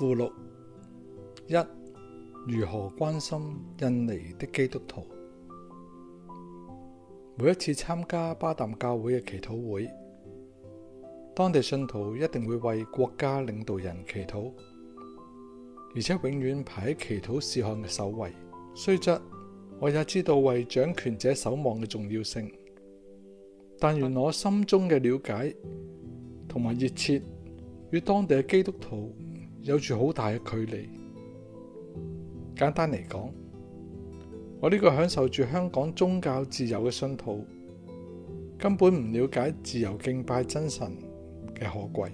附錄一：如何關心印尼的基督徒？每一次參加巴淡教會嘅祈禱會，當地信徒一定會為國家領導人祈禱，而且永遠排喺祈禱事項嘅首位。雖則我也知道為掌權者守望嘅重要性，但願我心中嘅了解同埋熱切，與當地嘅基督徒。有住好大嘅距離。簡單嚟講，我呢個享受住香港宗教自由嘅信徒，根本唔了解自由敬拜真神嘅可貴。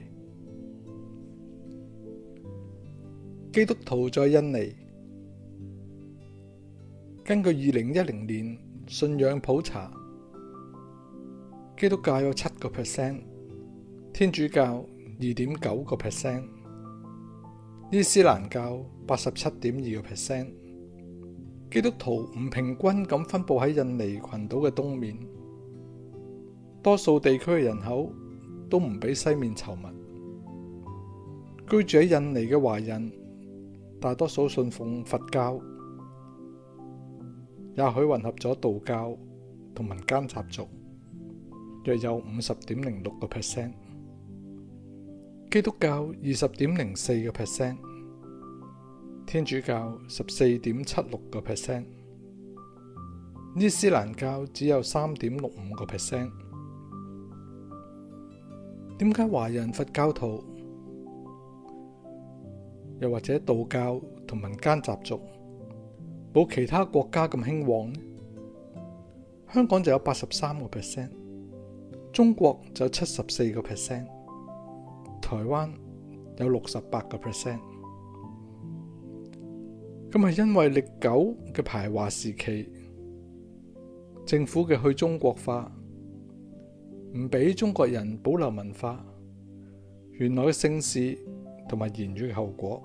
基督徒在印尼，根據二零一零年信仰普查，基督教有七個 percent，天主教二點九個 percent。伊斯蘭教八十七點二個 percent，基督徒唔平均咁分布喺印尼群島嘅東面，多數地區嘅人口都唔畀西面稠密。居住喺印尼嘅華人，大多數信奉佛教，也許混合咗道教同民間習俗，約有五十點零六個 percent。基督教二十點零四個 percent，天主教十四點七六個 percent，伊斯蘭教只有三點六五個 percent。點解華人佛教徒又或者道教同民間習俗冇其他國家咁興旺呢？香港就有八十三個 percent，中國就有七十四個 percent。台灣有六十八個 percent，咁係因為歷久嘅排華時期，政府嘅去中國化，唔俾中國人保留文化，原來嘅姓氏同埋言語嘅後果，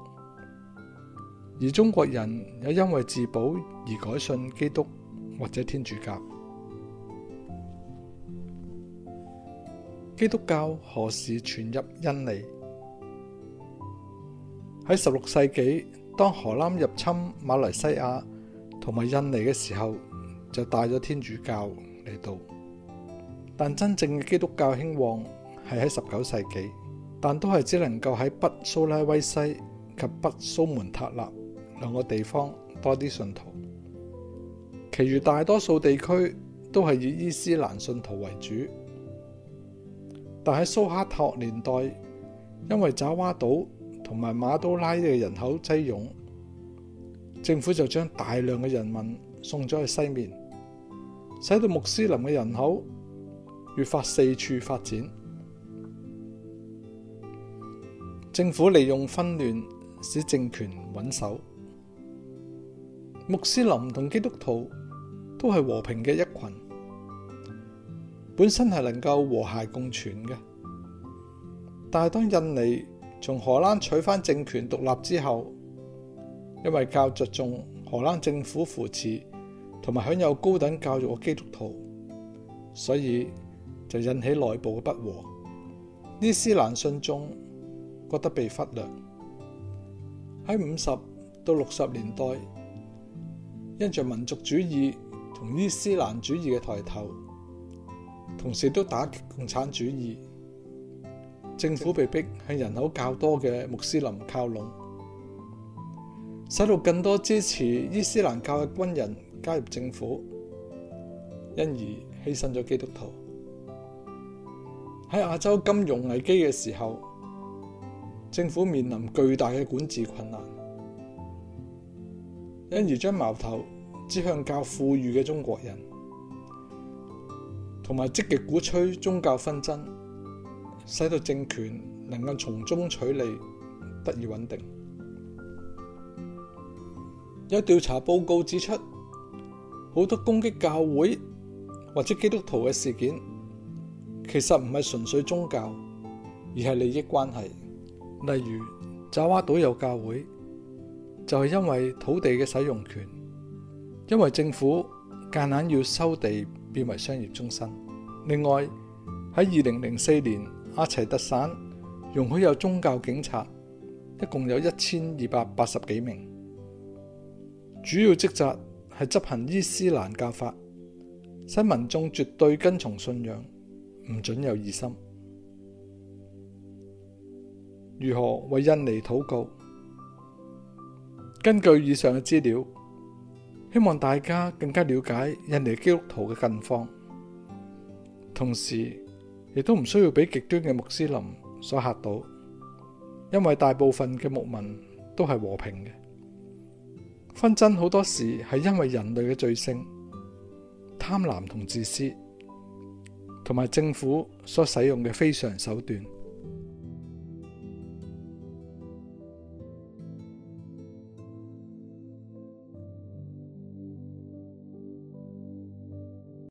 而中國人又因為自保而改信基督或者天主教。基督教何時傳入印尼？喺十六世紀，當荷蘭入侵馬來西亞同埋印尼嘅時候，就帶咗天主教嚟到。但真正嘅基督教興旺係喺十九世紀，但都係只能夠喺北蘇拉威西及北蘇門塔納兩個地方多啲信徒，其餘大多數地區都係以伊斯蘭信徒為主。但喺蘇哈托年代，因為爪哇島同埋馬都拉嘅人口擠擁，政府就將大量嘅人民送咗去西面，使到穆斯林嘅人口越發四處發展。政府利用紛亂使政權穩守。穆斯林同基督徒都係和平嘅一群。本身係能夠和諧共存嘅，但係當印尼從荷蘭取翻政權獨立之後，因為較着重荷蘭政府扶持同埋享有高等教育嘅基督徒，所以就引起內部嘅不和。伊斯蘭信眾覺得被忽略。喺五十到六十年代，因着民族主義同伊斯蘭主義嘅抬頭。同時都打共產主義，政府被逼向人口較多嘅穆斯林靠攏，使到更多支持伊斯蘭教嘅軍人加入政府，因而犧牲咗基督徒。喺亞洲金融危機嘅時候，政府面臨巨大嘅管治困難，因而將矛頭指向較富裕嘅中國人。同埋積極鼓吹宗教紛爭，使到政權能夠從中取利，得以穩定。有調查報告指出，好多攻擊教會或者基督徒嘅事件，其實唔係純粹宗教，而係利益關係。例如，爪哇島有教會，就係因為土地嘅使用權，因為政府夾硬要收地。變為商業中心。另外，喺二零零四年，阿齊特省容許有宗教警察，一共有一千二百八十幾名，主要職責係執行伊斯蘭教法，新民眾絕對跟從信仰，唔准有異心。如何為印尼禱告？根據以上嘅資料。希望大家更加了解印尼基督徒嘅近況，同時亦都唔需要俾極端嘅穆斯林所嚇到，因為大部分嘅穆民都係和平嘅。紛爭好多時係因為人類嘅罪性、貪婪同自私，同埋政府所使用嘅非常手段。